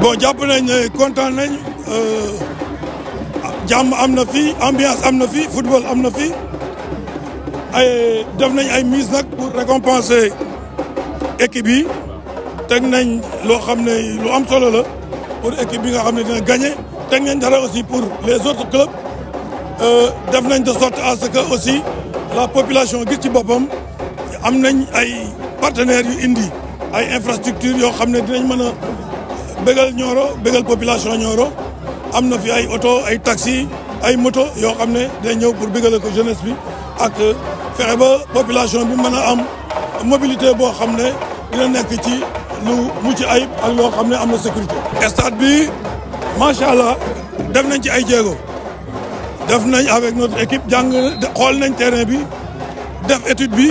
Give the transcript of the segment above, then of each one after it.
bon jàpp nañ content. kontaan nañ euh, jàmm ambiance am football amna fi. fii ay def mise pour récompenser équipe qui teg nañ lo xamné lu am solo la pour équipe bi nga xamné gagner, dina gagner tek nañ dara aussi pour les autres clubs euh, def nañ de sorte à ce que aussi la population guiss ci bopam am nañ ay partenaires yu indi ay infrastructure yoo xam ne dinañ mën a bégal Nioro bégal population Nioro am na fi ay oto ay taxi ay moto yoo xam ne day ñëw pour bégale ko jeunesse bi ak fexe ba population bi mën a am mobilité boo xam ne dina nekk ci lu mucc ayib ak loo xam ne am na sécurité. stade bi macha allah def nañ ci ay jéego def nañ avec notre équipe jàng xool nañ terrain bi def étude bi.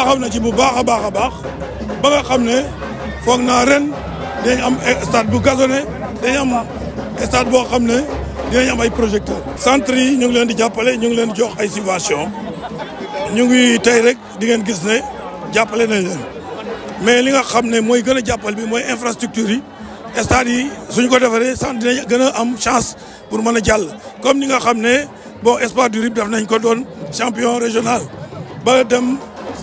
taxaw na ci bu baax a baax a baax ba nga xam ne foog naa ren dañ am stade bu gazonné dañ am stade boo xam ne dinañ am ay projecteurs. centre yi ñu ngi leen di jàppale ñu ngi leen di jox ay subventions ñu ngi tey rek di ngeen gis ne jàppale nañ mais li nga xam ne mooy gën a jàppal bi mooy infrastructure yi stade yi suñ ko defaree centre dinañ gën a am chance pour mën a jàll comme ni nga xam ne bon Espoir du Rip def nañ ko doon champion régional ba dem.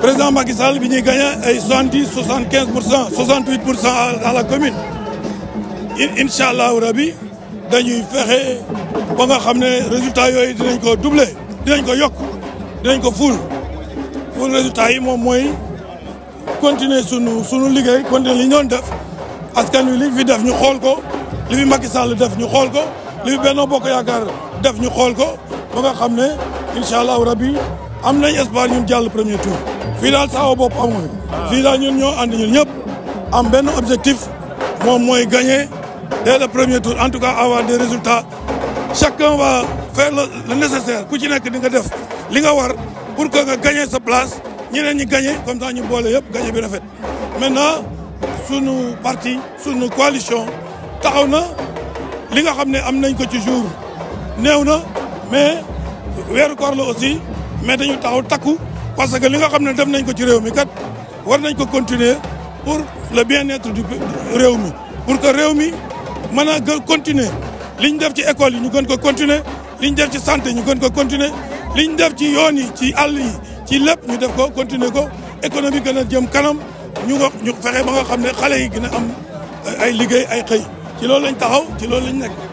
président Macky Sall a gagné 70, 75 68% à la commune. Inch'Allah, Rabbi, nous faire pour que les résultats soient doublés. Nous sommes en train pour Le résultat est mon Continuer sur nous, sur nous, continuer les nions d'œuf. Parce que nous, les vies d'œuf, nous rôlons. Les vies maquissants, les vies d'œuf, nous rôlons. Les vies d'œuf, nous rôlons. Nous rôlons. Nous rôlons. Inch'Allah, Rabbi am nañ espoir ñun jàll premier tour fii daal saawa bopp amoo fi fii daal ñun ñoo ànd ñun ñëpp am benn objectif moom mooy gagner dès le premier tour en tout cas avoir des résultats chacun va faire le nécessaire ku ci nekk di nga def li nga war pour que nga gagner sa place ñeneen ñi gagner comme ça ñu boole yëpp gagner bi rafet maintenant sunu parti sunu coalition taxaw na li nga xam ne am nañ ko ci jour néew na mais weeru koor la aussi mais dañu taxaw takku parce que li nga xam ne dem nañ ko ci réew mi kat war nañ ko continuer pour le bien-être du réew mi pour que réew mi mën a gën continuer li ñu def ci école yi ñu gën ko continuer li ñu ci santé ñu gën ko continuer li ñu def ci yoon yi ci àll yi ci lépp ñu def ko continuer ko économie gën a jëm kanam ñu nga ñu fexe ba nga xam ne xale yi gën a am ay liggéey ay xëy ci loolu lañ taxaw ci loolu lañ nekk